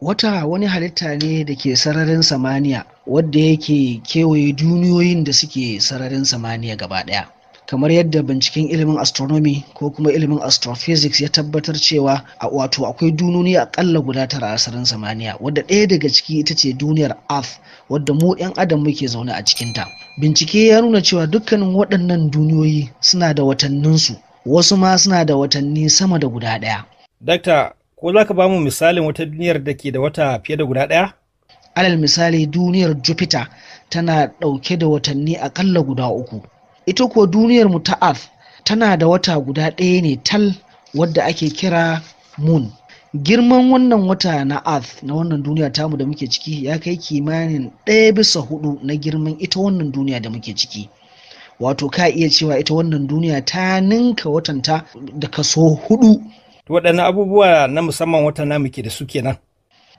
Wata wani halitta ne da ke sararin samaniya wadda yake kewaye duniyoyin da suke sararin samaniya gaba ɗaya. Kamar yadda binciken ilimin astronomy ko kuma ilimin astrophysics ya tabbatar cewa a wato akwai dunoni akalla guda tara a sararin samaniya wadda ɗaya daga ciki ita ce duniyar Earth wadda mu 'yan adam muke zaune a cikinta. Bincike ya nuna cewa dukkanin waɗannan duniyoyi suna da watanninsu wasu ma suna da watanni sama da guda ɗaya. Dakta Ko za ka ba mu misalin wata duniyar da ke da wata fiye da guda ɗaya? Alal misali duniyar Jupiter tana ɗauke da watanni akalla guda uku. Ita kuwa duniyar mu ta Earth tana da wata guda ɗaya ne tal wadda ake kira Moon. Girman wannan wata na Earth na wannan duniya tamu da muke ciki ya kai kimanin ɗaya bisa hudu na girman ita wannan duniya da muke ciki. wato ka iya cewa ita wannan duniya ta ninka watanta da kaso hudu to waɗannan abubuwa na musamman wata namu ke da su kenan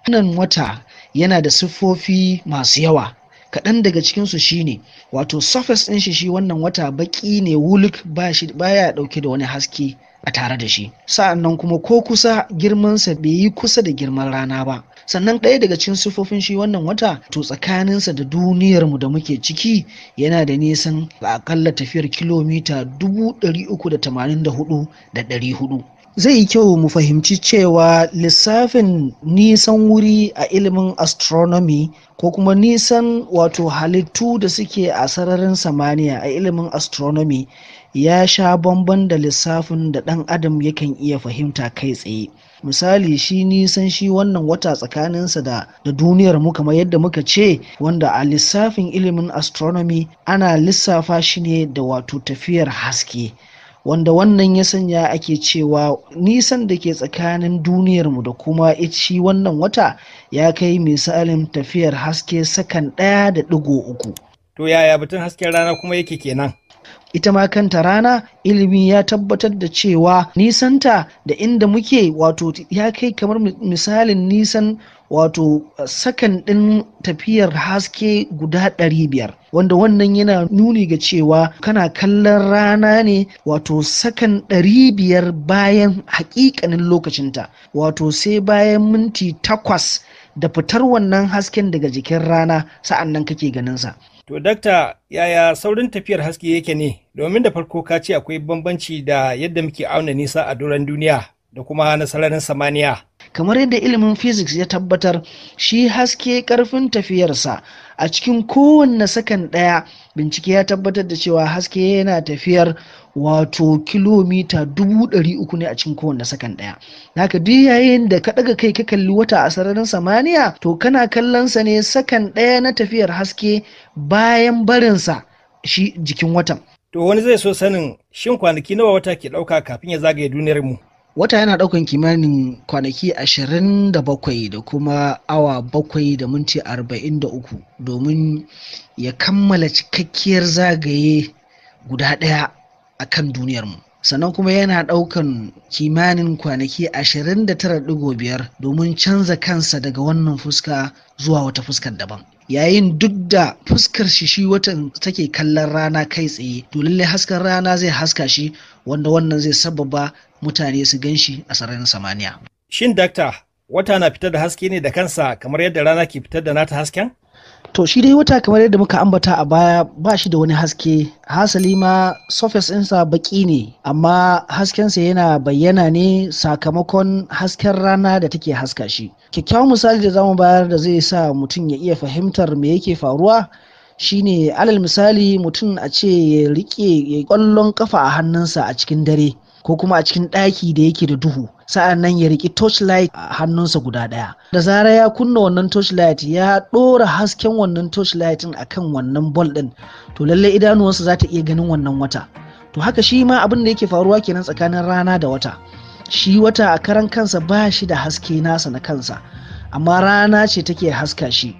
wannan wata yana da siffofi masu yawa kaɗan daga cikinsu shi ne wato surface ɗin shi shi wannan wata baƙi ne wuluk baya ɗauke da wani haske a tare da shi sa'annan kuma ko kusa girmansa bai yi kusa da girman rana ba sannan ɗaya daga cikin siffofin shi wannan wata to tsakaninsa da duniyarmu da muke ciki yana da nisan akalla tafiyar kilomita dubu ɗari ɗari uku da da da tamanin hudu hudu. zai yi kyau mu fahimci cewa lissafin nisan wuri a ilimin astronomy ko kuma nisan wato halittu da suke a sararin samaniya a ilimin astronomy ya sha bamban da lissafin da ɗan adam yakan iya fahimta kai tsaye misali shi nisan shi wannan wata tsakaninsa da da duniyar mu kamar yadda muka ce wanda a lissafin ilimin astronomy ana lissafa shi ne da wato tafiyar haske wanda wannan ya sanya ake cewa nisan da ke tsakanin duniyarmu da kuma ici wannan wata ya kai misalin tafiyar haske sakan ɗaya da ɗigo uku. To yaya batun hasken rana kuma yake kenan? ita ma kanta rana ilimi ya tabbatar da cewa nisanta da inda muke wato ya kai kamar misalin nisan wato sakan ɗin tafiyar haske guda biyar wanda wannan yana nuni ga cewa kana kallon rana ne wato sakan biyar bayan hakikanin lokacinta wato sai bayan minti takwas da fitar wannan hasken daga jikin rana sa'an nan kake ganinsa To, dakta yaya saurin tafiyar haske yake ne, domin da farko ka ce akwai bambanci da yadda muke auna nisa a doron duniya da kuma nasararin samaniya. kamar yadda ilimin physics ya tabbatar shi haske karfin tafiyarsa a cikin kowanne sakan ɗaya bincike ya tabbatar da cewa haske yana tafiyar wato kilomita dubu ɗari uku ne a cikin kowanne sakan ɗaya haka duk yayin da ka ɗaga kai ka kalli wata a sararin samaniya to kana kallonsa ne sakan ɗaya na tafiyar haske bayan barinsa shi jikin watan to wani zai so sanin shin kwanaki nawa wata ke ɗauka kafin ya zagaye duniyar mu wata yana daukan kimanin kwanaki 27 da kuma awa 7 da minti 43 domin ya kammala cikakkiyar zagaye guda daya a kan duniyarmu sannan kuma yana ɗaukan kimanin kwanaki 29.5 domin canza kansa daga wannan fuska zuwa wata fuskar daban yayin duk da fuskar shi shi watan take kallon rana kai tsaye to lallai hasken rana zai haska shi wanda wannan zai sababa mutane su gan shi a sararin samaniya shin dakta wata na fitar da haske ne da kansa kamar yadda rana ke fitar da nata hasken to shi dai wata kamar yadda muka ambata a baya ba shi da wani haske hasali ma surface ɗinsa baki ne amma haskensa yana bayyana ne sakamakon hasken rana da take haska shi kyakkyawan misali da zamu bayar da zai sa mutum ya iya fahimtar me yake faruwa shine alal misali mutum a ce ya rike ya kwallon kafa a hannunsa a cikin dare ko kuma a cikin ɗaki da yake da duhu sa'an nan ya riki torchlight a hannunsa guda ɗaya da zarar ya kunna wannan torchlight ya ɗora hasken wannan torchlight a kan wannan bol ɗin to lallai idanuwansa za ta iya ganin wannan wata to haka shi ma abin da yake faruwa kenan tsakanin rana da wata shi wata a karan kansa ba shi da haske nasa na kansa amma rana ce take haska shi